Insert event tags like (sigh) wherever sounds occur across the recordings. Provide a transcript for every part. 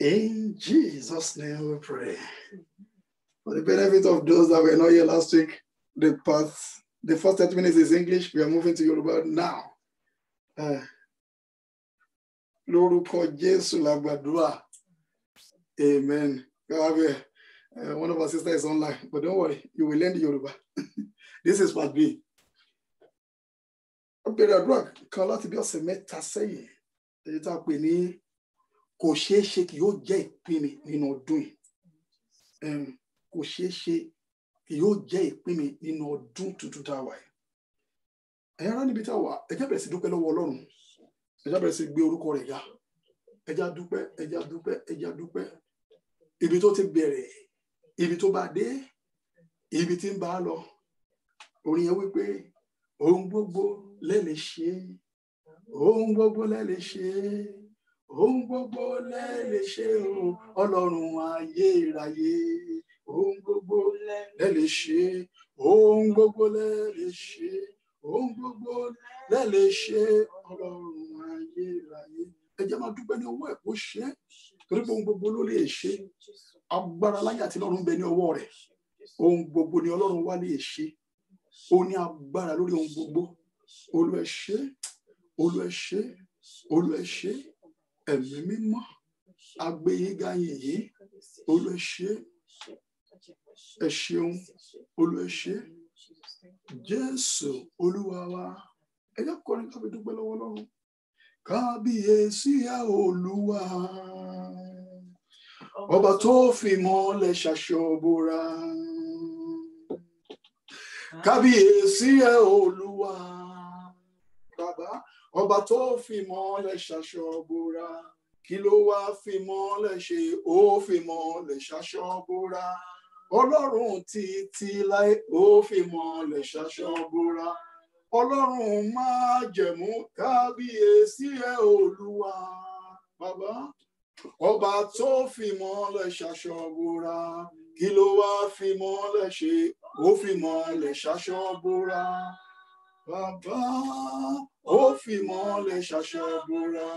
In Jesus' name we pray. For the benefit of those that were not here last week, the past, the first 30 minutes is English. We are moving to Yoruba now. Uh, lórúkọ Jésù la gbàdúrà. Amen. Uh, one of our sisters is online, but don't worry, you will learn the Yoruba. (laughs) this is part B. Ó bẹ̀rẹ̀ àdúrà kan bí ọ̀sẹ̀ mẹ́ta sẹ́yìn. Èyí tá pè ní kò ṣeé ṣe kì yóò jẹ́ ìpín mi nínú ọdún yìí kò ṣeé ṣe kì yóò jẹ́ ìpín mi nínú ọdún tuntun tá a wà yìí ẹ̀yin ará níbi tá a wà ẹ jẹ́ bẹ̀rẹ̀ sí dúpẹ́ lọ́wọ́ Ọlọ́run ẹ jẹ́ sí gbé orúkọ rẹ̀ ga ẹ jẹ́ dúpẹ́ ẹ jẹ́ dúpẹ́ ibi tó ti bẹ̀rẹ̀ ibi tó bá dé ibi tí ń bá lọ orin yẹn wípé ohun gbogbo lẹ ṣe ohun gbogbo lẹ ṣe ohun gbogbo lẹ lè ṣe o ọlọ́run ayérayé ohun gbogbo lẹ lè ṣe ohun gbogbo lẹ lè ṣe ohun gbogbo lẹ lè ṣe ọlọ́run ayérayé ẹ jẹ́ máa dúpẹ́ ní ọwọ́ ẹ̀ kó ṣe é torí pé ohun gbogbo ló lè ṣe agbára láyé àti lọ́run bẹ ní ọwọ́ rẹ̀ ohun gbogbo ni ọlọ́run wá lè ṣe ó ní agbára lórí ohun gbogbo olú ẹ ṣé olú ẹ ṣé olú ẹ ṣé ẹ̀mí mímọ́ agbẹ́yíga yìnyí olú ẹ̀ṣẹ́ ẹ ṣeun olú ẹ ṣé jésù olúwa wa ẹ jẹ́ kọrin ká fi dúpẹ́ lọ́wọ́ lọ́run kábíyèsí ẹ olúwa ọba tó fi mọ́lẹ̀ ṣàṣọbora kábíyèsí ẹ olúwa ọba tó fi mọ́lẹ̀ ṣaṣọ bora kí ló wá fi mọ́lẹ̀ ṣe ó fi mọ́lẹ̀ ṣaṣọ bora ọlọ́run títí láé ó fi mọ́lẹ̀ ṣaṣọ bora ọlọ́run máa jẹ̀mú kábíyèsí ẹ̀ olúwa bàbá ọba tó fi mọ́lẹ̀ ṣaṣọ bora kí ló wá fi mọ́lẹ̀ ṣe ó fi mọ́lẹ̀ ṣaṣọ bora bàbá ó fi mọ́lẹ̀ ṣàṣẹ búra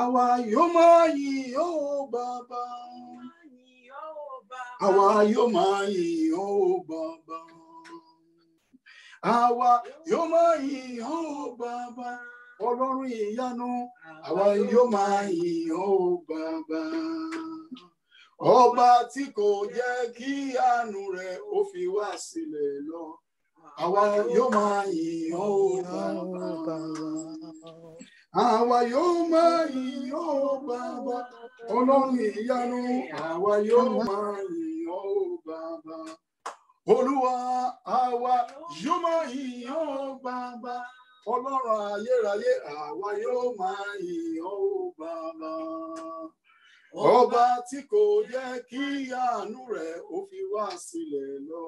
àwa yóò máa yìn ó bàbá àwa yóò máa yìn ó bàbá àwa yóò máa yìn ó bàbá ọlọ́run ìyanu àwa yóò máa yìn ó bàbá ọba tí kò jẹ́ kí àánú rẹ̀ ó fi wá sílẹ̀ lọ àwa yóò máa yìn ọ́ bàbá. Àwa yóò máa yìn ọ́ bàbá. Ọlọ́run ìyanu àwa yóò máa yìn ọ́ bàbá. Olúwa àwa yóò máa yìn ọ́ bàbá. Ọlọ́run ayérayé àwa yóò máa yìn ọ́ bàbá. Ọba tí kò jẹ́ kí àánú rẹ̀ ó fi wá sílẹ̀ lọ.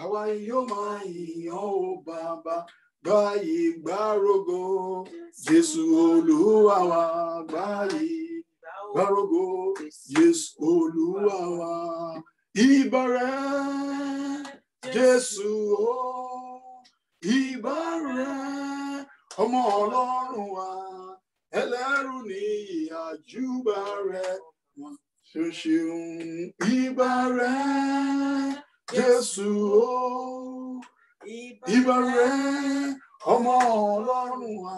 àwa yóò máa yìnyàn ó bàbá gbáyé gbárogo jésù olúwa wa gbáyé gbárogo jésù wa ìbàrẹ̀ jésù o Ibare ọmọ ọlọ́run wa ẹlẹ́rù ni ìyàjúbà rẹ̀ wọ́n ṣoṣeun ìbàrẹ̀. Jésù o, ìbà rẹ ọmọ Ọlọ́run wa,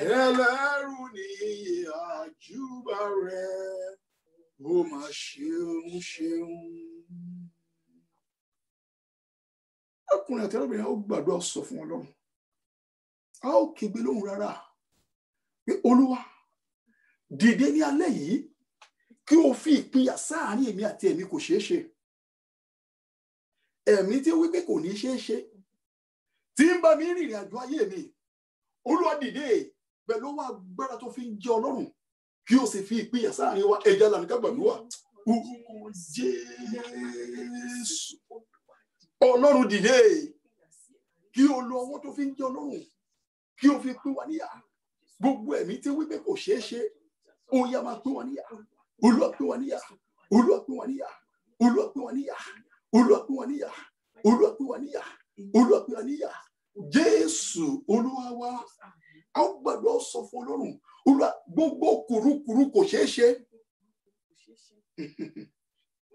ẹlẹ́rù ni àjùbà rẹ, ó mà ṣeun ṣeun. Ọkùnrin àti ọlọ́bìnrin ó gbàdúrà sọ fún Ọlọ́run, a ó kígbe lóhùn rárá pé Olúwa dìde ní alẹ́ yìí kí o fi ìpínyà sáàárín èmi àti èmi kò ṣeé ṣe ẹ̀mí tí wípé kò ní ṣeé ṣe tí ń bá mi rìnrìn àjò ayé mi olúwa dìde pẹ̀lú wa agbára tó fi ń jẹ ọlọ́run kí o sì fi ìpínyà sáàrin wa ẹja lànà ká gbàdúrà orúkọ jésù ọlọ́run dìde kí o lo ọwọ́ tó fi ń jẹ ọlọ́run kí o fi pín wa níyà gbogbo ẹ̀mí tí wípé kò ṣeé ṣe ó yá máa pín wa níyà olúwa pín wa níyà olúwa pín wa níyà olúwa pín wa níyà olúwa gbé wa níyà olúwa gbé wa níyà olúwa gbé wa níyà jésù olúwa wa a ó gbàdúrà sọ fún ọlọ́run olúwa gbogbo kùrukùru kò ṣeé ṣe (laughs)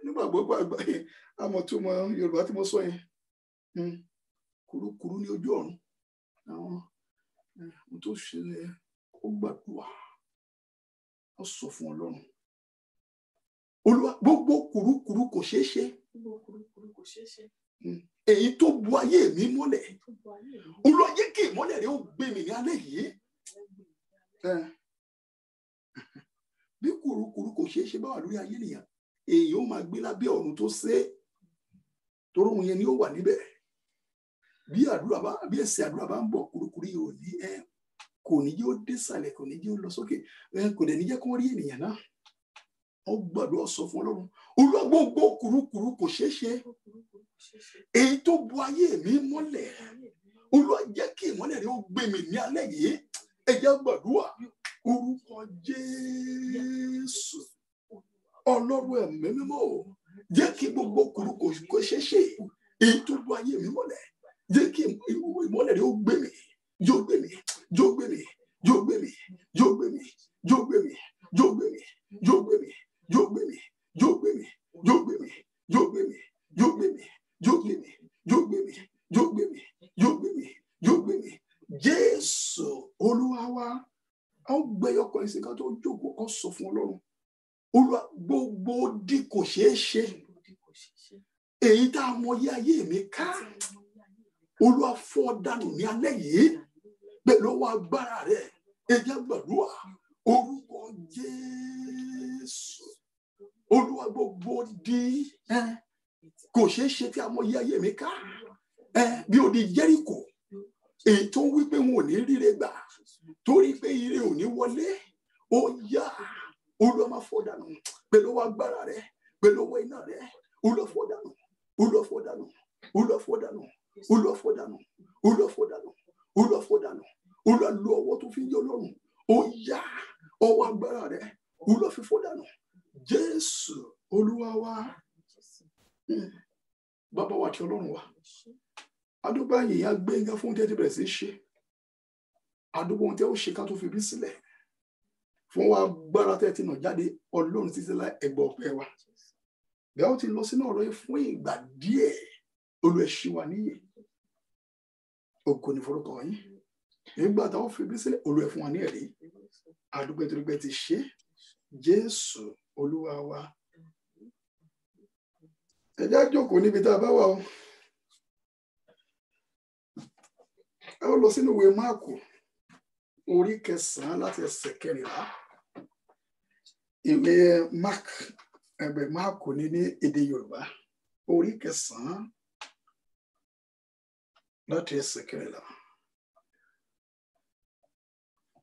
nígbà gbogbo àgbáyé àmọ́ tó mọ yorùbá tí mo sọ yẹn hmm. kùrukùru ní ojú ọ̀run àwọn eh, ohun tó ṣẹlẹ̀ ó gbàdúrà ó sọ fún ọlọ́run olúwa gbogbo kùrukùru kò ṣeé ṣe. Hmm. èyí tó bu ayé mi mọ́lẹ̀ olú ayé kí ìmọ́lẹ̀ rẹ̀ ó gbé mi ní alẹ́ yìí bí kùrukùru kò ṣeé ṣe bá wà lórí ayé nìyẹn èyí ó máa gbé lábẹ́ ọ̀run tó ṣe é torún yẹn ni ó wà níbẹ̀ bí àdúrà bá bí ẹsẹ̀ àdúrà bá ń bọ̀ kùrukùru yìí ò ní kò ní jẹ́ ó désàlẹ̀ kò ní jẹ́ ó lọ sókè kò dẹ̀ ní jẹ́ kó rí ènìyàn náà ó gbọ́dọ̀ sọ fún Ọlọ́run Olúwa gbogbo kùrukùru kò ṣeé ṣe èyí tó bu ayé mi mọ́lẹ̀ Olúwa jẹ́ kí ìmọ́lẹ̀ rẹ̀ ó gbé mi ní alẹ́ yìí ẹ jẹ́ gbàdúrà orúkọ Jésù Ọlọ́run Ẹ̀mí Mímọ́ jẹ́ kí gbogbo kùrukùru kò ṣeé ṣe èyí tó bu ayé mi mọ́lẹ̀ jẹ́ kí ìmọ́lẹ̀ rẹ̀ ó gbé mi yóò gbé mi yóò gbé mi yóò gbé mi yóò gbé mi yóò gbé mi yóò gbé mi yóò gbé mi yóò gbé mi yóò gbé mi yóò gbé mi yóò gbé mi yóò gbé mi yóò gbé mi yóò gbé mi yóò gbé mi yóò gbé mi yóò gbé mi jésù olúwa wa a ó gbẹyọkọ ẹsìn kan tó jókòó kó sọ fún ọlọ́run olúwa gbogbo di kò ṣeé ṣe èyí tá a mọyé ayé mi ká olúwa fọ́ dànù ní alẹ́ yìí bẹ́ẹ̀ lọ́wọ́ agbára rẹ̀ ẹ gbàdúrà orúkọ jésù olúwa gbogbo di kò ṣeé ṣe tí a mọ iye ayé mi ká bí ó di jẹ́ríkò èyí tó wí pé wọn ò ní ríre gbà torí pé ire ò ní wọlé ó yá olúwa máa fọ́ dànù pẹ̀lú owó agbára rẹ pẹ̀lú owó iná rẹ olúwa fọ́ dànù olúwa fọ́ dànù olúwa fọ́ dànù olúwa fọ́ dànù olúwa fọ́ dànù olúwa fọ́ dànù olúwa lu ọwọ́ tó fi ń jẹ́ ọlọ́run ó yá ọwọ́ agbára rẹ olúwa fi fọ́ dànù jésù olúwa wa bàbá wa ti ọlọ́run wa adúgbò àyìn yá gbé yẹn fún tẹ́tí bẹ̀rẹ̀ sí ṣe adúgbò ohun tẹ́ ó ṣe ká tó fi bí sílẹ̀ fún wa gbára tẹ́tí náà jáde ọlọ́run títí lá ẹgbọ́ ọpẹ́ wa bẹ́ẹ̀ ó ti lọ sínú ọ̀rọ̀ yẹn fún ìgbà díẹ̀ olùẹ̀ṣí wa níyè ògo ní nígbà táwọn fi bí sílẹ̀ olùẹ̀ wa ní ẹ̀rí adúgbò ètò ti ṣe jésù olúwa wa ẹ já jókòó níbi tá a bá wà o ẹ ó lọ sínú ìwé máàkù orí kẹsànán láti ẹsẹ̀ kẹrìnlá ìwé mark ẹgbẹ máàkù ní ní èdè yorùbá orí kẹsànán láti ẹsẹ̀ kẹrìnlá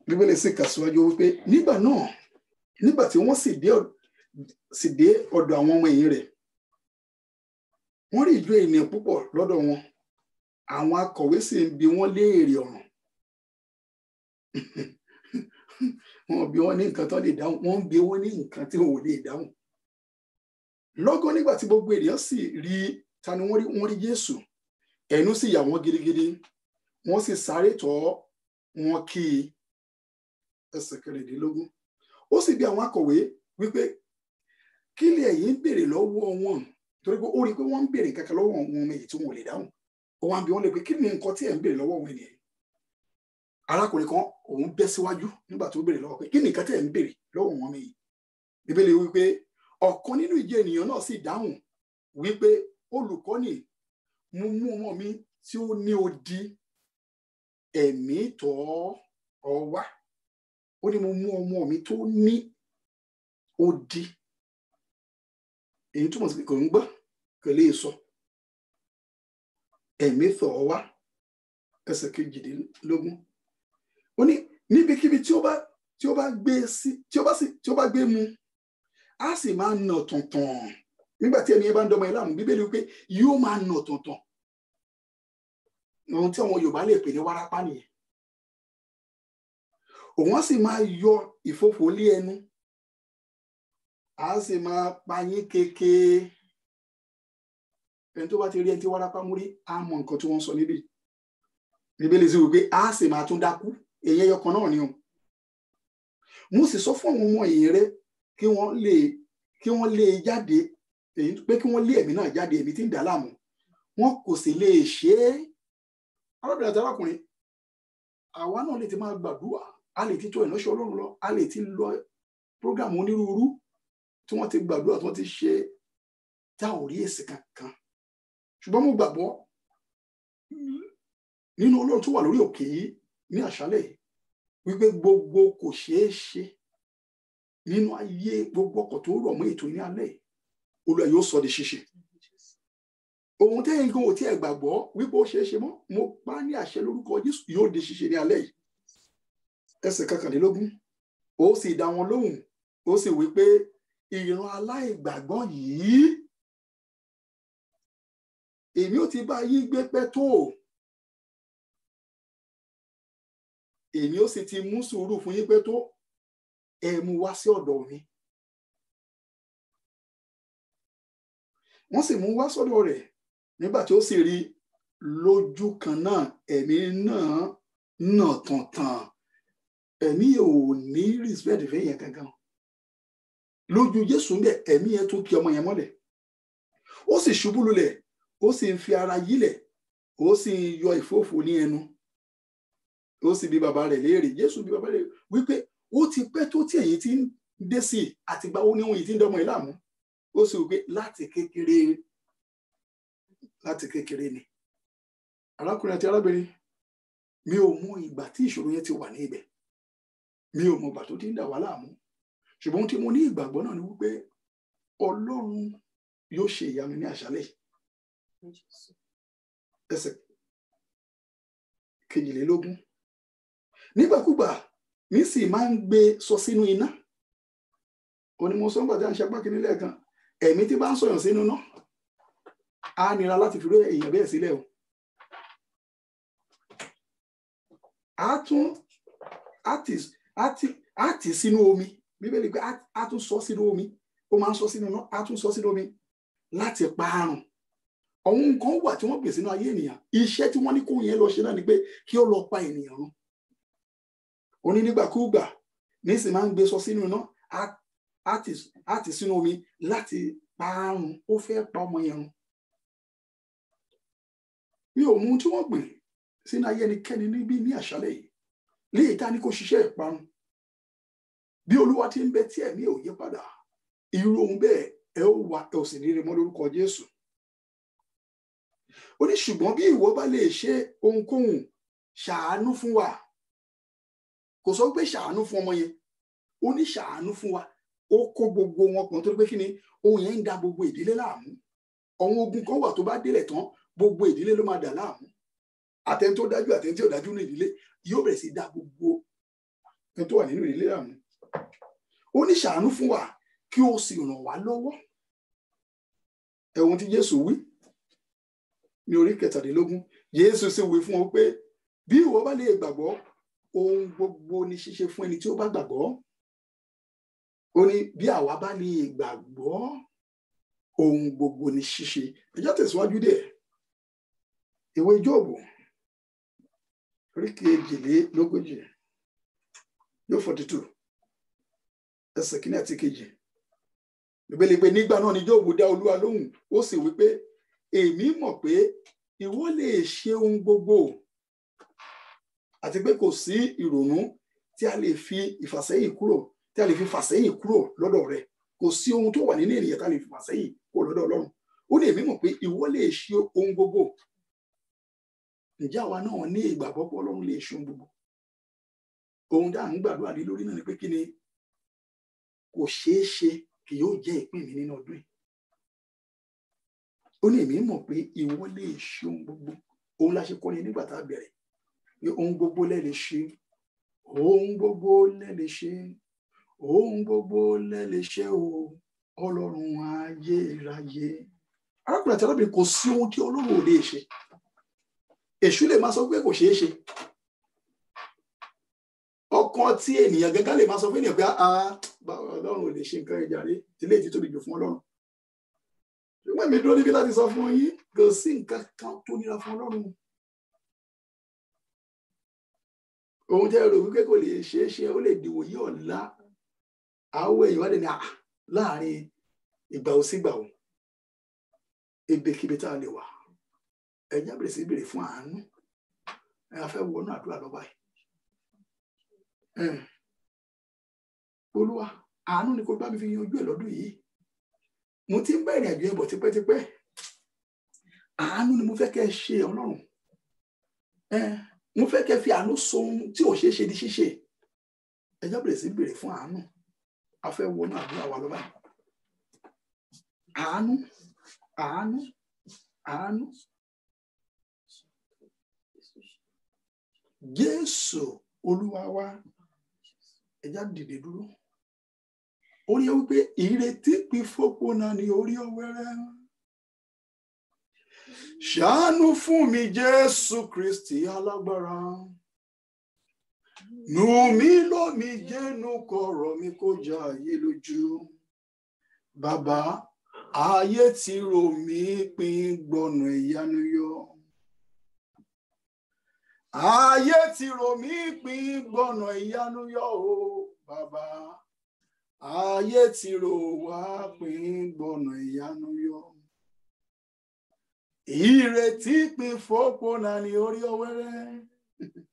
bíbélì sì kà síwájú wípé nígbà náà nígbà tí wọ́n sì dé sì dé ọ̀dọ̀ àwọn ọmọ ẹ̀yìn rẹ̀ wọ́n rí ìjọ ènìyàn púpọ̀ lọ́dọ̀ wọn àwọn akọ̀wé sì ń bi wọ́n léèrè ọ̀ràn (laughs) wọn bi wọ́n ní nǹkan tó lè dáhùn wọ́n ń bi wọ́n ní nǹkan tí wọn ò lè dáhùn lọ́gán nígbà tí gbogbo ènìyàn sì rí ta ni wọ́n rí wọ́n rí Jésù ẹnu sì yà wọ́n gidigidi wọ́n sì sáré tọ̀ wọ́n kí i ẹsẹ̀ kẹrìndínlógún ó sì bi àwọn akọ̀wé wípé kí ni ẹ̀yin ń béèrè lọ́wọ́ wọn torí pé ó rí i pé wọ́n ń béèrè kankan lọ́wọ́ wọn ọmọ èyí tí wọn ò lè dáhùn òun àbí wọn lè pé kí ni nǹkan tí ẹ̀ ń béèrè lọ́wọ́ wọn nìyẹn arákùnrin kan òun bẹ́ síwájú nígbà tó béèrè lọ́wọ́ pé kí ni nǹkan tẹ̀ ń béèrè lọ́wọ́ wọn mi yìí ìbéèrè wípé ọ̀kan nínú ìjẹ ènìyàn náà sì dáhùn wípé olùkọ́ni mo mú ọmọ mi tí ó ní odi ẹ̀mí tọ́ ọ wá ó ní mo mú ọmọ mi tó ní odi èyí túmọ̀ sí pé kò ń gbọ́ kò lè sọ ẹ̀mí tọ̀ ọ́ wá ẹsẹ̀ kejìdínlógún ó ní níbikíbi tí ó bá tí ó bá gbé sí tí ó bá sì tí ó bá gbé mu á sì máa nà tọ̀ntọ̀n nígbà tí ẹ̀mí yẹn bá ń dọ́mọ yẹn láàmú bíbélì wípé yóò máa nà tọ̀ntọ̀n ohun tí àwọn Yorùbá lè pè ní wárápá nìyẹn òun á sì máa yọ ìfòfò lé ẹnu a sì máa pa keke ẹni tó bá ti rí ẹni tí wárápá mú rí á mọ nǹkan tí wọ́n sọ níbí bíbélì sì wù pé a sì máa tún dákú èyí ẹyọ kan náà ni o mo sì sọ fún àwọn ọmọ ẹ̀yìn rẹ kí wọ́n lè kí wọ́n lè jáde èyí pé kí wọ́n lé ẹ̀mí náà jáde ẹ̀mí tí ń dà láàmú wọn kò sì lè ṣe é arábìnrin àti arákùnrin àwa náà lè ti máa gbàdúrà a lè ti tó ìránṣẹ́ Ọlọ́run lọ a lè ti lọ program onírúurú tí wọ́n ti gbàdúrà tí wọ́n ti ṣe tá ò rí èsì kankan ṣùgbọ́n mo gbàgbọ́ nínú Ọlọ́run tó wà lórí òkè yìí ní àṣálẹ̀ wípé gbogbo kò ṣeé ṣe nínú ayé gbogbo ọkọ̀ tó rọ̀ mọ́ ètò ní alẹ́ Olúwa yóò sọ di ṣíṣe ohun tẹ́yìn nǹkan ò tí ẹ̀ gbàgbọ́ wípé ó ṣeé ṣe mọ́ mo pa ní àṣẹ lórúkọ Jésù yóò di ṣíṣe ní alẹ́ yìí ẹsẹ̀ kankanlélógún ó sì dá wọn lóhùn ó sì wí pé ìran aláìgbàgbọ́ yìí èmi ò ti bá yín gbé pẹ́ tó èmi ò sì ti mú sùúrù fún yín pẹ́ tó ẹ mú wá sí ọ̀dọ̀ mi wọ́n sì mú wá sọ́dọ̀ rẹ̀ nígbà tí ó sì rí lójú kan náà ẹ̀mí náà nà tàntàn ẹ̀mí ò ní respect fẹ́yẹn kankan lójú jésù ń bẹ ẹ̀mí yẹn tún kì ọmọ yẹn mọ́lẹ̀ ó sì ṣubú lulẹ̀ ó sì ń fi ara yílẹ̀ ó sì ń yọ ìfófó ní ẹnu ó sì bi bàbá rẹ̀ léèrè jésù bi bàbá rẹ̀ wípé ó ti pẹ́ tó tí èyí ti ń dé sí i àtìgbà ó níwọ̀n èyí ti ń dọ́mọ yìí láàmú ó sì wípé láti kékeré láti kékeré ni arákùnrin àti arábìnrin mi ò mọ ìgbà tí ìṣòro yẹn ti wà ní ibẹ̀ mi ò mọ ìgbà tó ti ń dà wá láàmú ṣùgbọ́n ohun tí mo ní ìgbàgbọ́ náà ni wípé ọlọ́run yóò ṣe ìyanu ní àṣálẹ́ ẹsẹ̀ kejìlélógún nígbàkúgbà nísì máa ń gbé sọ sínú iná onímọ̀sọ́ngbà tí a ń ṣe apá kìíní lẹ́ẹ̀kan ẹ̀mí tí bá ń sọ̀yàn sínú náà á nira láti fi ré èèyàn bẹ́ẹ̀ sílẹ̀ o á tún á tì sínú omi bíbélì pé a tún sọ sínú omi ó máa ń sọ sínú iná a tún sọ sínú omi láti pa àrùn àwọn nǹkan wà tí wọ́n pè sínú ayé ènìyàn iṣẹ́ tí wọ́n ní kó yẹn lọ ṣe náà ni pé kí ó lọ pa ènìyàn run òní nígbàkúùgbà nísìn máa ń gbé sọ sínú iná á ti sínú omi láti pa àrùn ó fẹ́ pa ọmọ yẹn run mi ò mú tí wọ́n gbìn sínú ayé ẹnikẹ́ni níbí ní àṣálẹ́ yìí léyìí tá a ní kó ṣiṣẹ́ ìparun bí olúwa ti ń bẹ tí ẹ̀mí ò yí padà irú ohun bẹ́ẹ̀ ẹ ó wà ẹ ò sì ní rere mọ́ lórúkọ jésù ó ní ṣùgbọ́n bí ìwọ bá lè ṣe ohunkóhun ṣàánú fún wa kò sọ pé ṣàánú fún ọmọ yẹn ó ní ṣàánú fún wa ó kó gbogbo wọn pọ̀ tó pé kí ni ohun yẹn ń da gbogbo ìdílé láàmú ọ̀hún ogun kan wà tó bá délẹ̀ tán gbogbo ìdílé ló máa dà láàmú àtẹni dájú àtẹni dájú ní ìdílé yóò bẹ̀rẹ̀ sí da gbogbo ẹni tó wà nínú ìdílé láàmú ó ní ṣàánú fún wa kí o sì ràn wá lọ́wọ́ ẹ̀wọ̀n tí Jésù wí ní orí kẹtàdínlógún Jésù sì wí fún ọ pé bí ìwọ bá lè gbàgbọ́ ohun gbogbo ni ṣíṣe fún ẹni tí ó bá gbàgbọ́ ó ní bí àwa bá lè gbàgbọ́ ohun gbogbo ni ṣíṣe ẹjọ́ tẹ̀síwájú dẹ̀ ìwé Jóòbù orí kejìlélógójì Jóòbù forty two ẹsẹ̀ kìíní àti kejì ìgbélégbé nígbà náà ni Jóòbù dá Olúwa lóhùn ó sì wípé èmi mọ̀ pé ìwọ lè ṣe ohun gbogbo àti pé kò sí ìrònú tí a lè fi ìfàsẹ́yìn kúrò tí a lè fi fàsẹ́yìn kúrò lọ́dọ̀ rẹ kò sí ohun tó wà nínú ènìyàn tá a lè fi fàsẹ́yìn kúrò lọ́dọ̀ Ọlọ́run ó ní èmi pé ìwọ lè ṣe ohun gbogbo ǹjẹ́ àwa náà ní ìgbàgbọ́ pé Ọlọ́run lè ṣe ohun gbogbo ohun tá à ń gbàdúrà lórí náà ni pé kí ni kò ṣeé ṣe kì yóò jẹ́ ìpín mi nínú ọdún yìí ó ní èmi mọ̀ pé ìwọ lè ṣe ohun gbogbo òun la ṣe kọ́ ni nígbà tá a bẹ̀rẹ̀ pé ohun gbogbo lẹ lè ṣe ohun gbogbo lẹ lè ṣe ohun gbogbo lẹ lè ṣe o ọlọ́run ayérayé arákùnrin àti arábìnrin kò sí ohun tí ọlọ́run ò lè ṣe èṣù lè máa sọ pé kò ṣeé ṣe kan tí ènìyàn gẹ́gẹ́ lè máa sọ fún ènìyàn pé ah, ah, ọlọ́run ò lè ṣe nǹkan ìjàre ilé ìdí tóbi jù fún ọlọ́run ṣùgbọ́n èmi dúró níbi láti sọ fún yín kò sí nǹkan kan tó nira fún ọlọ́run òun tẹ́ rò wípé kò lè ṣeé ṣe ó lè dìwò yí ọ̀la àwọ̀ èèyàn wá lè ní ah, láàrin ìgbà ò sígbà ò ebèkíbi tá a lè wà ẹ̀yìn àbẹ̀rẹ̀ sí bèrè fún àánú ẹ̀ afẹ́ wọnú àdúrà lọ́ba yìí olúwa àánú ni kò bá mi fi yanjú ẹ lọ́dún yìí mo ti ń bá ìrìn àjò ẹbọ tipẹ́tipẹ́ àánú ni mo fẹ́ kẹ́ ẹ ṣe ọlọ́run mo fẹ́ kẹ́ ẹ fi àánú sọ ohun tí ò ṣeé ṣe di ṣíṣe ẹ jábèrè sí béèrè fún àánú a fẹ́ wọnú àdúrà wa lọ́ba àánú àánú àánú Jésù olúwa wa ẹja dìde dúró orí ẹ wípé ìrètí pin fọ́pò náà ní orí ọwẹ́rẹ́ ṣàánú fún mi jésù kristi alágbára nù mí lómi jẹ́nu kọ̀rọ̀ mi kó jà ayé lójú bàbá ayé ti rò mí pin gbọ̀nà ìyanu yọ. ayé ti rò mí pín gbọ̀nà ìyanu yọ o bàbá ayé ti rò wá pín gbọ̀nà ìyanu yọ. ìrètí pín fọ́pọ̀ náà ní orí ọwẹ́rẹ́ (laughs)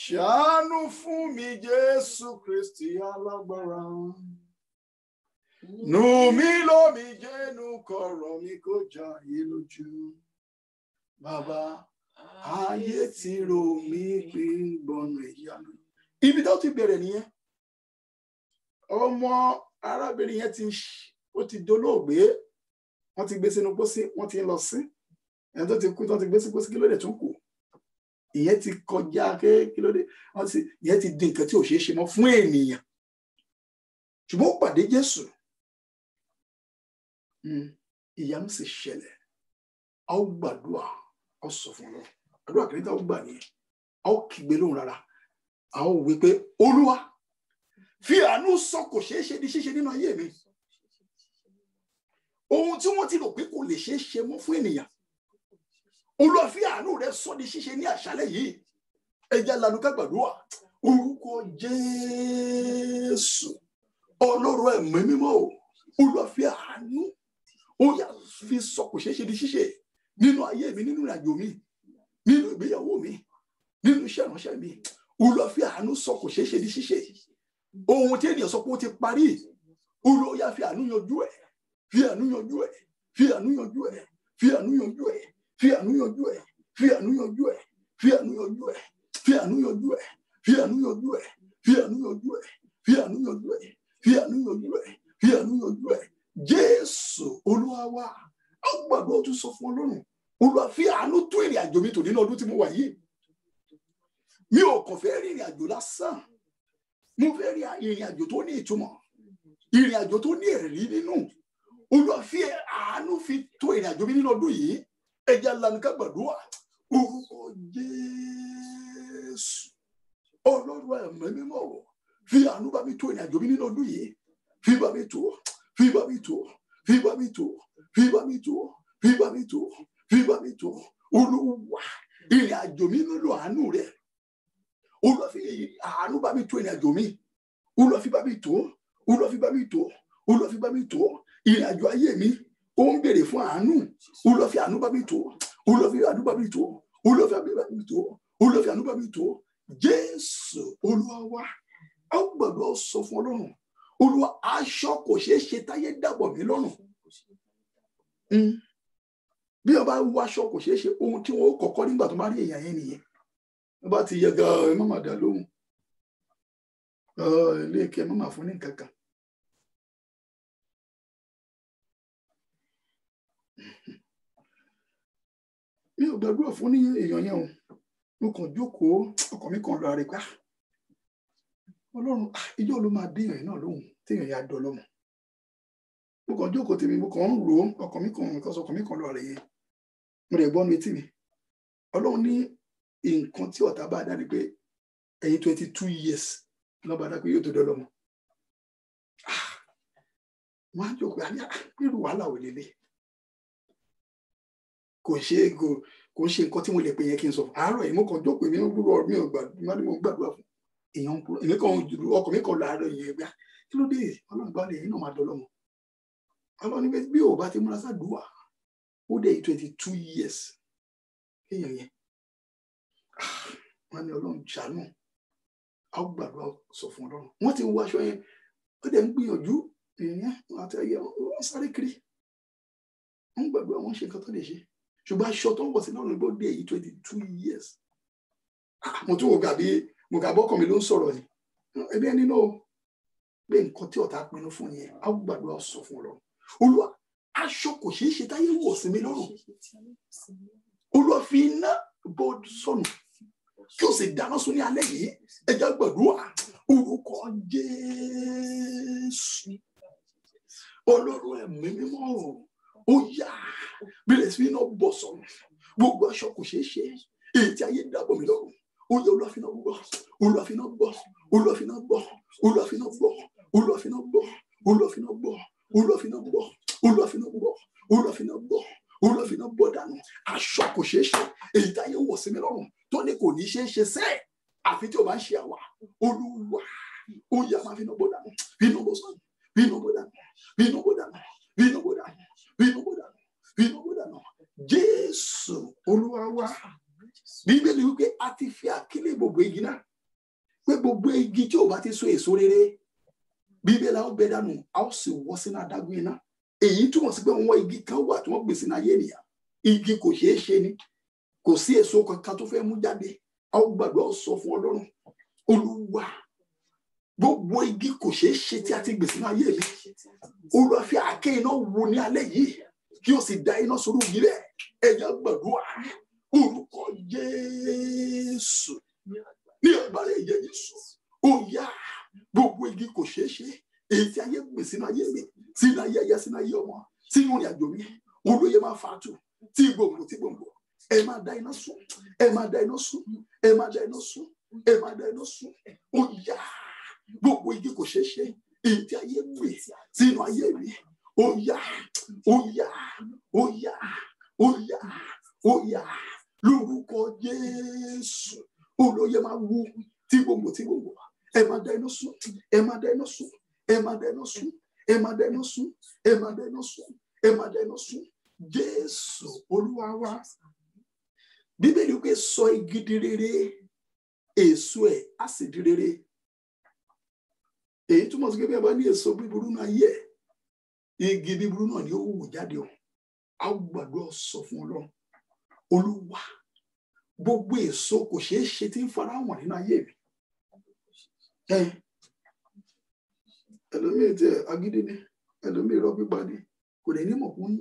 ṣàánú fún mi jésù kristi alágbára nù mí lómi jẹ́nu mi kó jà yé lójú ayé ti rò mí pé ń gbọnà ìyanu ibi tó ti bẹ̀rẹ̀ nìyẹn ọmọ arábìnrin yẹn ti ó ti dolóògbé wọ́n ti gbé sínú pósí wọ́n ti lọ sí ẹni tó ti kú tó ti gbé sí pósí kí ló dé tún kù ìyẹn ti kọjá ké kí ló dé wọ́n ti ìyẹn ti di nǹkan tí ò ṣeé ṣe mọ́ fún ènìyàn ṣùgbọ́n ó pàdé Jésù hmm, ìyanu sì ṣẹlẹ̀ a ó gbàdúrà a ó sọ fún wọn àdúrà kìrìtà ó gbà nìyẹn a ó kígbe lóhùn rárá a ó wí pé olúwa fi àánú sọ kò ṣeé ṣe di ṣíṣe nínú ayé mi ohun tí wọ́n ti rò pé kò lè ṣeé ṣe mọ́ fún ènìyàn olúwa fi àánú rẹ sọ di ṣíṣe ní àṣálẹ́ yìí ẹjẹ lanu ká gbàdúrà orúkọ jésù ọlọ́run ẹ̀mí mímọ́ olúwa fi àánú ó yà fi sọ kò ṣeé ṣe di ṣíṣe nínú ayé mi nínú ìrìnàjò mi nínú ìgbéyàwó mi nínú iṣẹ́ ìránṣẹ́ mi olùwàfíà àánú sọ kò ṣeé ṣe di ṣíṣe ohun tí ènìyàn sọ pé ó ti parí olùwàfíà fi àánú yanjú ẹ̀ fi àánú yanjú ẹ̀ fi àánú yanjú ẹ̀ fi àánú yanjú ẹ̀ fi àánú yanjú ẹ̀ fi àánú yanjú ẹ̀ fi àánú yanjú ẹ̀ fi àánú yanjú ẹ̀ fi àánú yanjú ẹ̀ fi àánú yanjú ẹ̀ fi àánú yanjú ẹ̀ fi àánú yanjú ẹ̀ fi àánú yanjú ẹ̀ Jésù Olúwa wa a gbọ́dọ̀ tún sọ fún Ọlọ́run Olúwa fi àánú tún ìrìn àjò mi tò nínú ọdún tí mo wà yìí mi ò kàn fẹ́ rìnrìn àjò lásán mo fẹ́ rí ìrìn àjò tó ní ìtumọ̀ ìrìn àjò tó ní ẹ̀rí nínú Olúwa fi àánú fi tó ìrìn àjò mi nínú ọdún yìí ẹja lanu ká gbàdúrà orúkọ Jésù Ọlọ́run ẹ̀mí mímọ́ wọ̀ fi àánú bá mi tó ìrìn àjò mi nínú ọdún yìí fi bá mi tó fi bá mi tó viva mi tó viva mi tó viva mi tó viva mi tó olúwa ìrìn àjò mi nílò àánú rẹ olúwa fi àánú bá mi tó ìrìn àjò mi olúwa fi bá mi tó olúwa fi bá mi tó olúwa fi bá mi tó ìrìn àjò ayé mi ó ń béèrè fún àánú olúwa fi àánú bá mi tó olúwa fi àánú bá mi tó olúwa fi àánú bá mi tó olúwa fi àánú bá mi tó jésù olúwa wa a gbọ́dọ̀ sọ fún Ọlọ́run olúwa aṣọ kò ṣeé ṣe táyé dàbọ̀ mí lọ́rùn mm. bí ọba wọ aṣọ kò ṣeé ṣe ohun tí wọn ó kọ́kọ́ nígbà tó bá rí èèyàn yẹn nìyẹn wọn bá ti yẹ ganan ẹ má má dá lóhùn ilé ìkẹ má má fún ní nǹkan kan. mi ò gbàdúrà fún ní èèyàn yẹn o mo kàn jókòó ọkàn mi kàn lọ àrègbà ah! ọlọ́run ìjọ ah, ló máa bí èèyàn náà lóhùn téèyàn yá dọ́ lọ́mọ mo kàn jókòó tèmi mo kàn ń rò ó ọkàn mi kàn nǹkan sọ ọkàn mi kàn lọ rẹ̀ yẹn mo rẹ̀ gbọ́nu etí mi ọlọ́run ní nǹkan tí ọ̀tá bá dá ni pé ẹ̀yin twenty two years lọ́ba dá pé yóò tó dọ́ lọ́mọ wọn ah, á jókòó àní ah, irú wàhálà ò lélẹ̀ kò ṣe é kò ń ṣe nǹkan tí mo lè pè yẹn kí n sọ àárọ̀ yìí mo kàn jókòó mi ń rú ọ mi ò gbàdúrà mi ò gbàdúrà fún èèyàn kúrò èmi kàn jùlọ ọkọ mi kàn láàárọ̀ èèyàn ẹgbẹ kí ló dé Ọlọ́run gbà lè yín náà máa dọlọmọ Ọlọ́run ní bí ò bá ti múra sádùúwà ó dé twenty two years kéèyàn yẹn ah, wọn ní Ọlọ́run ṣàánú a ó gbàdúrà sọ fún Ọlọ́run wọn ti wọ aṣọ yẹn ó dẹ̀ ń gbìyànjú ìyẹn àti ẹyẹ wọn sáré kiri wọn gbàdúrà wọn ṣe nǹkan tó lè ṣe ṣùgbọ́n aṣọ tó ń wọ̀ sí lọ́rùn ló dé yìí twenty two years ah, mo tún wò gàbí mo gbàgbọ́ ọkàn mi ló ń sọ̀rọ̀ yìí ẹbí ẹni náà pé nǹkan tí ọ̀tá pinnu fún yẹn á gbàdúrà sọ fún Ọlọ́run olúwa aṣọ kò ṣeé ṣe táyé wọ̀ sí mi lọ́rùn olúwa fi iná bọ́ sọnù kí o sì dáná sun ní alẹ́ yìí ẹja gbàdúrà orúkọ Jésù Ọlọ́run ẹ̀mí mímọ́ ó yá bílẹ̀ sí iná bọ́ sọnù gbogbo aṣọ kò ṣeé ṣe èyí tí ayé dábọ̀ mi lọ́rùn. Olúwa fi iná bọ̀, Olúwa fi iná bọ̀, Olúwa fi iná bọ̀, Olúwa fi iná bọ̀, Olúwa fi iná bọ̀, Olúwa fi iná bọ̀, Olúwa fi iná bọ̀, Olúwa fi iná bọ̀, Olúwa fi iná bọ̀, Olúwa fi iná bọ̀ dànù. Aṣọ kò ṣeé ṣe, èyí táyé wọ̀ sí mi lọ́rùn tó ní kò ní ṣeé ṣe sẹ́ẹ̀ àfi tí o bá ń ṣe àwa. Olúwa ó yá máa fi iná bọ̀ dànù, fi iná bọ̀ sọ̀rọ̀, fi iná bọ̀ dànù, fi iná bọ̀ dànù, bíbélì wípé a ti fi àkílè gbogbo igi náà pé gbogbo igi tí ò ti so èso rere bibe àwọn bẹ dànù a ó sì wọ́ sínú adágún iná èyí túmọ̀ sí pé wọn igi ka wà tí wọ́n gbèsè náà yé ènìyàn igi ko ṣeé ṣe ni kò sí èso kankan tó fẹ́ mú jáde a ó gbàgbọ́ sọ fún gbogbo igi kò ṣeé ṣe tí a ti gbèsè náà yé mi olúwa fi àáké iná wo ní alẹ́ yìí kí o sì da iná sórí ògiri ẹ̀ ẹ̀yà gbàdúrà orúkọ Jésù ní agbára ẹ̀jẹ̀ Jésù ó yá gbogbo igi kò ṣeé ṣe èyí tí ayé gbè sínú ayé mi sínú ayé ẹyẹ sínú ayé ọmọ sínú ìrìn àjò mi olóye máa fà á tù tí gbòǹgbò tí gbòǹgbò ẹ máa da iná sùn ẹ máa da iná sùn ẹ máa da iná sùn ẹ máa da iná sùn ó yá gbogbo igi kò ṣeé ṣe èyí tí ayé gbè sínú ayé mi ó yá ó yá ó yá ó yá ó yá lórúkọ Jésù olóyè máa wú tí gbogbo tí gbogbo wa ẹ máa dá iná sùn ẹ máa dá iná sùn ẹ máa dá iná sùn ẹ máa dá iná sùn ẹ máa dá iná sùn ẹ máa dá iná sùn Jésù olúwa wa bíbélì pé sọ igi di rere èso ẹ̀ á sì di rere èyí túmọ̀ sí pé bí a bá ní èso búburú náà yẹ igi búburú náà ni ó wù jáde ọ á gbàdúrà sọ fún Ọlọ́run olúwa gbogbo èso kò ṣeé ṣe tí ń fara wọn nínú ayé mi ẹlòmíì tí agídí ni ẹlòmíì rọ pípa ni kò dẹ̀ nímọ̀ kún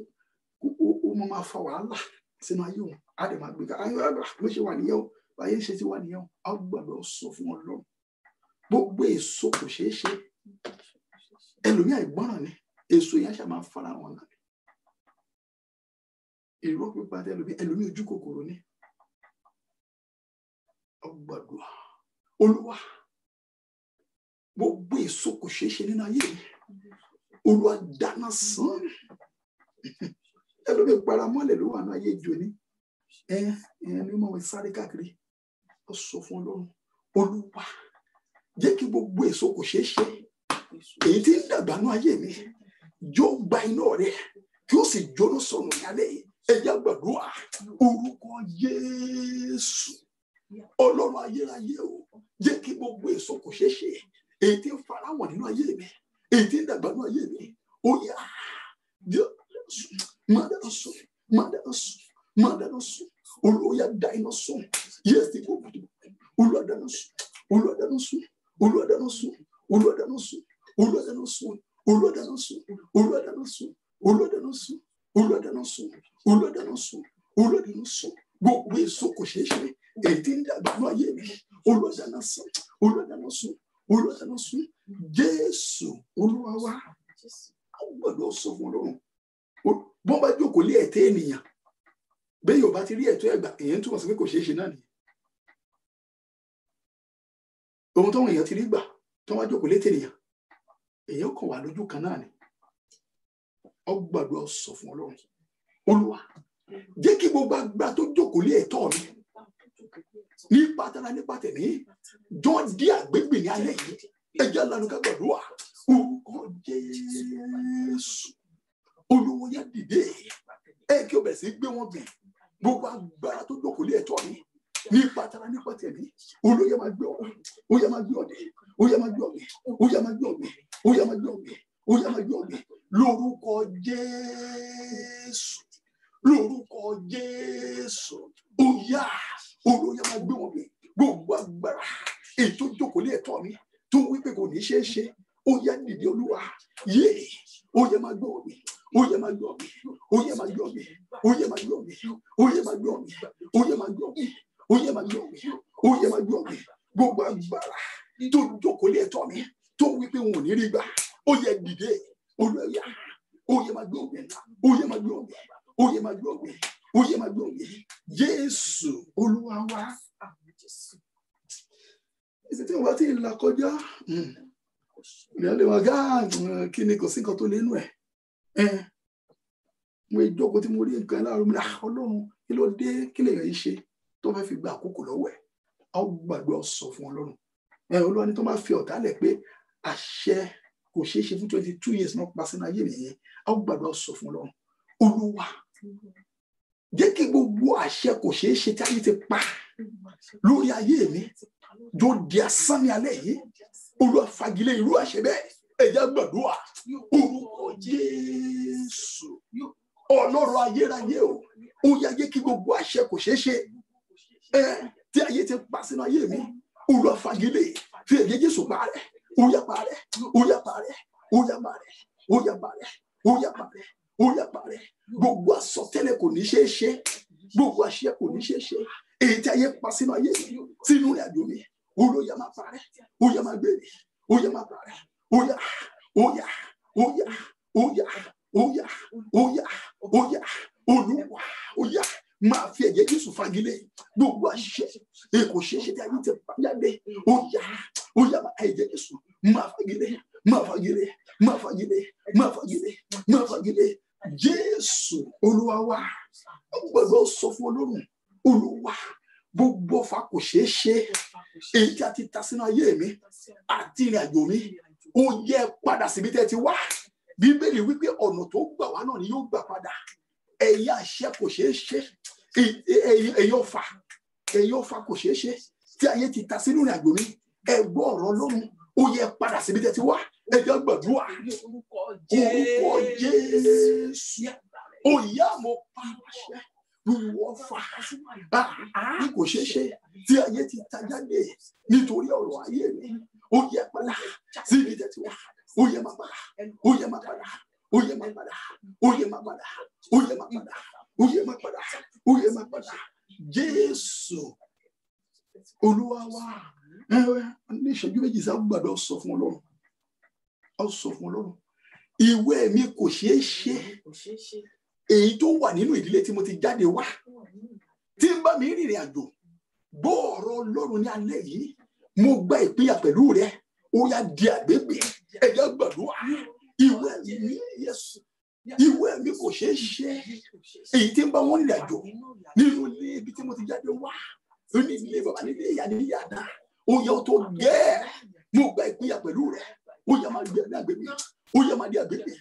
ó mọ máa fa wàhálà sínú ayé òun a dẹ̀ máa gbé ká ayé ló ṣe wà nìyẹn ṣe ti wà sọ fún gbogbo èso kò ṣeé ṣe ẹlòmíì ni èso yẹn fara náà èrò pípa tẹ ẹlòmí ẹlòmí ojú kòkòrò ní ọgbàdùà olúwa gbogbo èso kò ṣeé ṣe nínú ayé mi olúwa dáná sàn ẹlòmí para mọ́lẹ̀ ló wà ní ayé ìjọ ní ẹ ẹ ní mọ̀ wọn sáré káàkiri ó sọ fún ọlọ́run olúwa jẹ́ kí gbogbo èso kò ṣeé ṣe èyí tí ń dàgbà ní ayé mi yóò gba iná rẹ kí ó sì jóná sọnù yálé yìí ẹ̀yà gbàdúrà orúkọ Jésù ọlọ́run ayérayé o jẹ́ kí gbogbo èso kò ṣeé ṣe èyí tí ń farahàn nínú ayé mi èyí tí ń dàgbà nínú ayé mi ó yá máa dáná sùn máa dáná sùn máa dáná sùn olóyà dá iná sùn yéèsì gbogbo olúwa dáná sùn olúwa dáná sùn olúwa dáná sùn olúwa dáná sùn olóde náà sùn olóde náà sùn olóde náà sùn gbogbo èso kò ṣeé ṣe èyí tí ń dàgbà ní ayé mi olóde náà sùn olóde náà sùn olóde náà sùn jésù olúwa wa gbọ́dọ̀ sọ fún Ọlọ́run bọ́n bá jókòó lé ẹ̀tẹ́ ènìyàn bẹ́ẹ̀ yóò bá ti rí ẹ̀tọ́ ẹ̀gbà èyí túmọ̀ sí pé kò ṣeé ṣe náà nìyẹn ohun tóun èèyàn ti rí gbà tó wá jókòó létè ènìyàn èèyàn kàn wà lójú kan náà ni ọgbàdo sọ fún ọlọ́run olúwa jẹ́ kí gbogbo agbára tó jókòó lé ẹ̀tọ́ mi nípa tara nípa tẹ̀mí jọ dí àgbégbè ní alẹ́ yìí ẹjẹ́ lanu ká gbàdúrà orúkọ jésù olówó yá dìde ẹ kí o bẹ̀ sí gbé wọn bì gbogbo agbára tó jókòó lé ẹ̀tọ́ mi nípa tara nípa tẹ̀mí olóyè máa gbé ọ oyè máa gbé ọ dé oyè máa gbé ọ dé oyè máa gbé ọ dé oyè máa gbé ọ dé ó yá máa yọ̀ mí lórúkọ Jésù lórúkọ Jésù ó yá olóyè máa gbé wọn mì gbogbo agbára ètò ìjókòó lé ẹ̀tọ́ mi tó wí pé kò ní ṣeé ṣe ó yá dìde olúwa yé ó yá máa gbé wọn mì ó yá máa gbé wọn mì gbogbo agbára tó jókòó lé ẹ̀tọ́ mi tó wí pé wọn ò ní rí gbà ó yẹ dìde olóyè ó yẹ máa gbé ògbé ó yẹ máa gbé ògbé ó yẹ máa gbé ògbé ó yẹ máa gbé ògbé Jésù Olúwa wa ìsìn tí wọn bá ti là kọjá hmm, ìyá lè wá gáà kí ni kò sí nǹkan tó lénu ẹ mo ìjókòó tí mo rí nǹkan láàárọ̀ mi ah, Ọlọ́run kí ló dé kí lèèyàn yìí ṣe tó fẹ́ fi gba àkókò lọ́wọ́ ẹ̀ a ó gbàgbé ọ̀sọ̀ fún Olúwa ni tó máa fi ọ̀tá lẹ̀ pé àṣẹ kò ṣeé ṣe fún twenty two years náà pàṣẹ náà ayé mi yẹn a ó gbàdúrà sọ fún Ọlọ́run Olúwa jẹ́ kí gbogbo àṣẹ kò ṣeé ṣe tí ayé ti pa lórí ayé mi jọ di asán ní alẹ́ yìí Olúwa fagilé irú àṣẹ bẹ́ẹ̀ ẹ̀yà gbàdúrà orúkọ Jésù Ọlọ́run ayérayé o ó yá jẹ́ kí gbogbo àṣẹ kò ṣeé ṣe tí ayé ti pa sínú ayé mi Olúwa fagilé fi ẹ̀jẹ̀ Jésù pa rẹ̀. Uyabare, uyabare, uyabare, uyabare, uyabare, uyabare. Gbogbo àsọtẹ́lẹ̀ kò ní ṣeé ṣe. Gbogbo àṣẹ kò ní ṣeé ṣe. Èyí tí ayé pa sínú ayé sínú ìrìn àjò mi. Olóyè máa parẹ́, oyè máa gbèrè, oyè máa parẹ́, oyà, oyà, oyà, oyà, oyà, oyà, oyà, olúwa, oyà máa fi ẹ̀jẹ̀ Jésù fagilé. Gbogbo àṣẹ èkó ṣeéṣe tí ayé ti pa jáde. Oyà oyaba ẹ̀jẹ̀ Jésù ma fagilé máa fagilé máa fagilé ma fagilé máa fagilé Jésù Olúwa wa gbọ́dọ̀ sọ fún Ọlọ́run Olúwa gbogbo ọfà kò ṣeé ṣe èyí tí a ti ta sínú ayé mi àti ìrìn àjò mi ó yẹ padà síbi tẹ́ ti wá bíbélì wípé ọ̀nà tó gbà wá náà ni yóò gbà padà ẹ̀yà àṣẹ kò ṣeé ṣe ẹ̀yà ọfà ẹ̀yà ọfà kò ṣeé ṣe tí ayé ti ta sínú ìrìn àjò mi ẹ gbọ́ ọ̀rọ̀ lónìí ó yẹ padà síbi tẹ́ ti wá ẹ jẹ́ gbàdúrà orúkọ Jésù òyà mo pàṣẹ lùwọ́ fà á kò ṣeé ṣe tí ayé ti ta jáde nítorí ọ̀rọ̀ ayé mi ó yẹ padà síbi tẹ́ ti wá ó yẹ má padà ó yẹ má padà ó yẹ má padà ó yẹ má padà ó yẹ má padà ó yẹ má padà ó yẹ má padà Jésù Olúwa wa ní ìṣẹ́jú méjì sábàdàn ọ sọ fún ọlọ́run ọ sọ fún ọlọ́run ìwé mi kò ṣeé ṣe èyí tó wà nínú ìdílé tí mo ti jáde wá tí n bá mi rìnrìn àjò bó ọ̀rọ̀ ọlọ́run ní alẹ́ yìí mo gba ìpínyà pẹ̀lú rẹ ó yá di àgbègbè ẹ̀yà gbàdúrà ìwé mi yẹsùn ìwé mi kò ṣeé ṣe èyí tí ń bá wọn rìnrìn àjò nínú ilé ibi tí mo ti jáde wá ní ilé bàbá nílé ìyá nílé àdá ó yẹ ọ tó gẹ mo gba ìpínyà pẹ̀lú rẹ ó yẹ máa gbé ẹ̀mí àgbègbè ó yẹ máa dé àgbègbè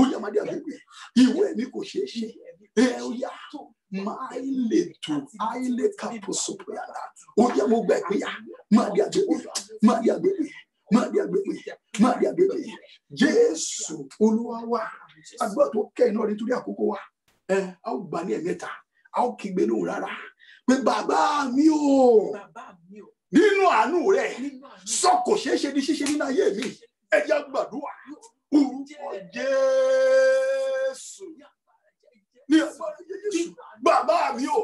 ó yẹ máa dé àgbègbè ìwé ẹ̀mí kò ṣeé ṣe ẹ ó yà máìlè tó àìlè kàpọ̀ sọ̀pọ̀ yàrá ó yẹ mo gba ìpínyà máa dé àgbègbè máa dé àgbègbè máa dé àgbègbè máa dé àgbègbè Jésù Olúwa wa agbọ́dọ̀ tó kẹ́ iná rẹ nítorí àkókò wa ẹ a ó gbà ní ẹ̀mẹ́ta a ó kígbe lóhùn rárá pé bàbá mi o nínú àánú rẹ sọ kò ṣeé ṣe ní ṣíṣe nínú ayé mi ẹ jẹ́ gbàdúrà orúkọ Jésù ní agbára Jésù bàbá mi ò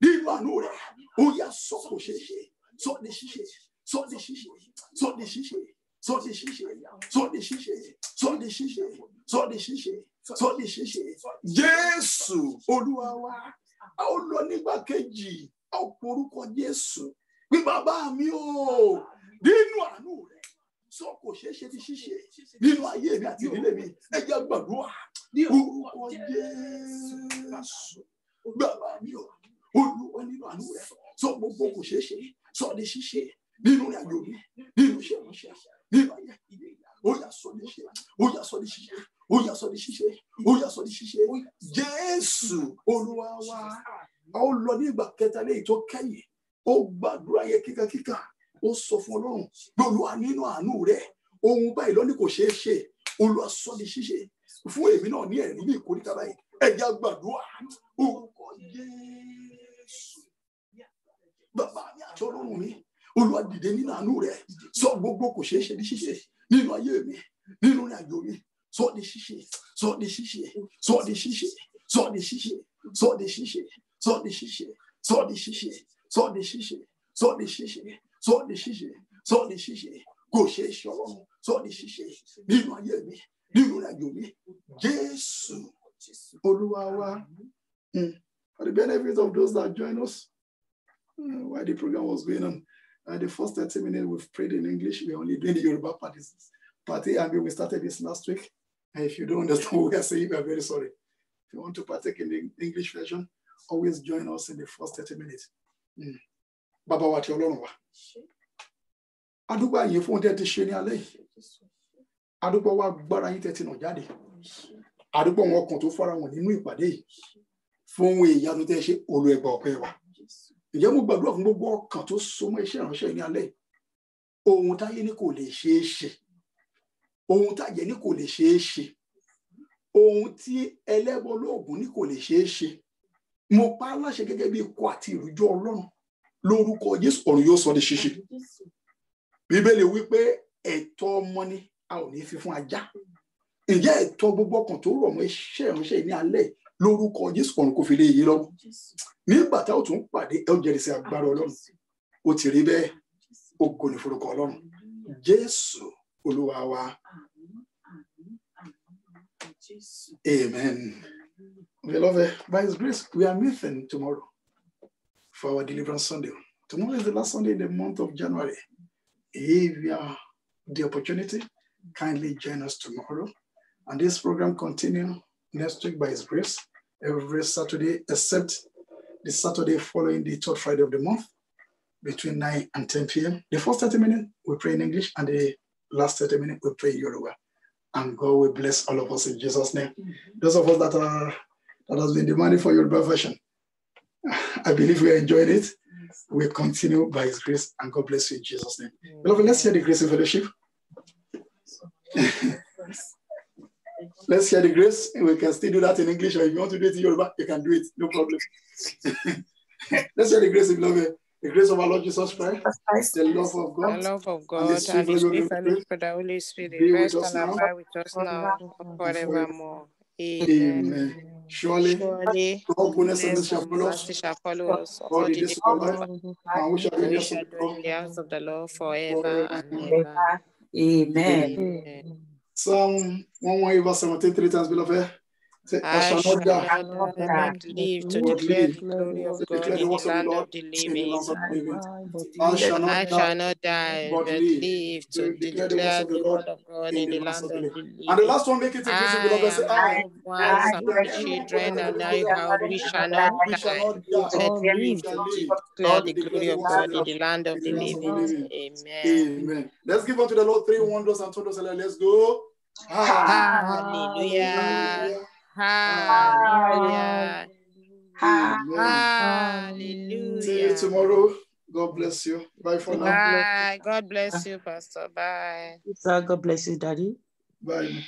nínú àánú rẹ ó yá sọ kò ṣeé ṣe sọ ní ṣíṣe sọ ní ṣíṣe sọ ní ṣíṣe sọ ní ṣíṣe sọ ní ṣíṣe sọ ní ṣíṣe sọ ní ṣíṣe sọ ní ṣíṣe Jésù Olúwa wa a ó lọ nígbà kejì a ó porúkọ Jésù pé bàbá mi o nínú àánú rẹ sọ kò ṣeé ṣe ti ṣíṣe nínú ayé mi àti ìdílé mi ẹ jẹ́ gbàdúrà orúkọ Jésù bàbá mi o olúwa nínú àánú rẹ sọ gbogbo kò ṣeé ṣe sọ ní ṣíṣe nínú rẹ àjò mi nínú iṣẹ́ ìránṣẹ́ nínú ayé ìdílé ó yá sọ ní ṣíṣe ó yá sọ ní ṣíṣe ó yá sọ ní ṣíṣe ó yá sọ ní ṣíṣe Jésù olúwa wa ó lọ ní ìgbà kẹta lẹ́yìn tó kẹ́yìn kíkankíkan ó sọ fún ọlọ́run gbòòlùwà nínú àánú rẹ ohun báyìí lọ́ní kò ṣeé ṣe olúwa sọ di ṣíṣe fún èmi náà ní ẹ̀rí ní ìkórìíta báyìí ẹ̀já gbàdúrà orúkọ Jésù bàbá mi àti ọlọ́run mi olúwa dìde nínú àánú rẹ sọ gbogbo kò ṣeé ṣe di ṣíṣe nínú ayé mi nínú ìrìn àjò mi sọ di ṣíṣe sọ di ṣíṣe sọ di ṣíṣe sọ di ṣíṣe sọ di ṣíṣe sọ di ṣíṣe sọ di ṣíṣe sọ di ṣíṣe. so ni ṣíṣe so ni ṣíṣe so ni ṣíṣe kò ṣeé ṣọrọ so ni ṣíṣe nínú ayé me, nínú ìrìnàjò mi jésù Jesus, wa hmm. for the benefit of those that join us uh, while the program was going on uh, the first thirty minutes we've prayed in english we only doing the yoruba party party and we started this last week and if you don't understand what we are saying we are very sorry if you want to partake in the english version always join us in the first thirty minutes. Mm. bàbá wa àti ọlọ́run wa adúgbò àyè fún tẹ́ ti ṣe ní alẹ́ yìí adúgbò wa gbára yín tẹ́ ti nà jáde adúgbò wọn ọkàn tó fara wọn nínú ìpàdé yìí fún ohun ìyanu tẹ́ ṣe olú ẹgbà ọpẹ́ wa ǹjẹ́ mo gbàdúrà fún gbogbo ọkàn tó so mọ́ iṣẹ́ ìránṣẹ́ ní alẹ́ yìí ohun táyé ní kò lè ṣeé ṣe ohun tájẹ ní kò lè ṣeé ṣe ohun tí ẹlẹ́bọ lóògùn ní kò lè ṣeé ṣe mo pa á gẹ́gẹ́ bí ikọ̀ àti ìrújọ ọlọ́run lórúkọ jésù ọ̀run yóò sọ di ṣíṣe bíbélì wípé ẹ̀tọ́ ọmọ ni a ò ní fi fún ajá ǹjẹ́ ẹ̀tọ́ gbogbo ọkàn tó rọ̀ mọ́ iṣẹ́ ìránṣẹ́ ní alẹ́ lórúkọ jésù ọ̀run kò fi lè yí lọ́rùn nígbà tá ò tún pàdé ẹ ó jẹ́rìísí agbára ọlọ́run ó ti rí bẹ́ẹ̀ ògo ni forúkọ ọlọ́run jésù olúwa wa amen. We love it. By His grace, we are meeting tomorrow. for our Deliverance Sunday. Tomorrow is the last Sunday in the month of January. If you have the opportunity, kindly join us tomorrow. And this program continues next week by His grace every Saturday, except the Saturday following the third Friday of the month between 9 and 10 p.m. The first 30 minutes, we pray in English, and the last 30 minutes, we pray in Yoruba. And God will bless all of us in Jesus' name. Mm-hmm. Those of us that are that has been demanding for your version, I believe we are enjoying it. Yes. We continue by His grace, and God bless you in Jesus' name. Amen. Beloved, let's hear the grace and fellowship. (laughs) let's hear the grace. We can still do that in English, or if you want to do it in Yoruba, you can do it. No problem. (laughs) let's hear the grace, beloved. The grace of our Lord Jesus Christ, the love of God, the love of God, and the sweet of the Holy Spirit, rest and with us now forevermore. Amen. Amen. Surely, Surely goodness and mercy shall follow us. Shall follow us all the days of and we shall be in the house of the Lord forever and ever. Amen. Amen. Psalm 118, verse 73 times, beloved. I shall not die, not live to declare the glory of God in the land of the living. I shall not die, but live to declare the glory of God in the land of the living. And the last one, make it inclusive, beloved. Say, ah, I have wives and children, and I we shall not die, but live to declare the glory of God in the land of the living. Amen. Amen. Let's give unto the Lord three wonders and two wonders. Let's go. Hallelujah. Hallelujah. Hallelujah. See you tomorrow. God bless you. Bye for now. Bye. God bless you, Pastor. Bye. Sir, God bless you, Daddy. Bye.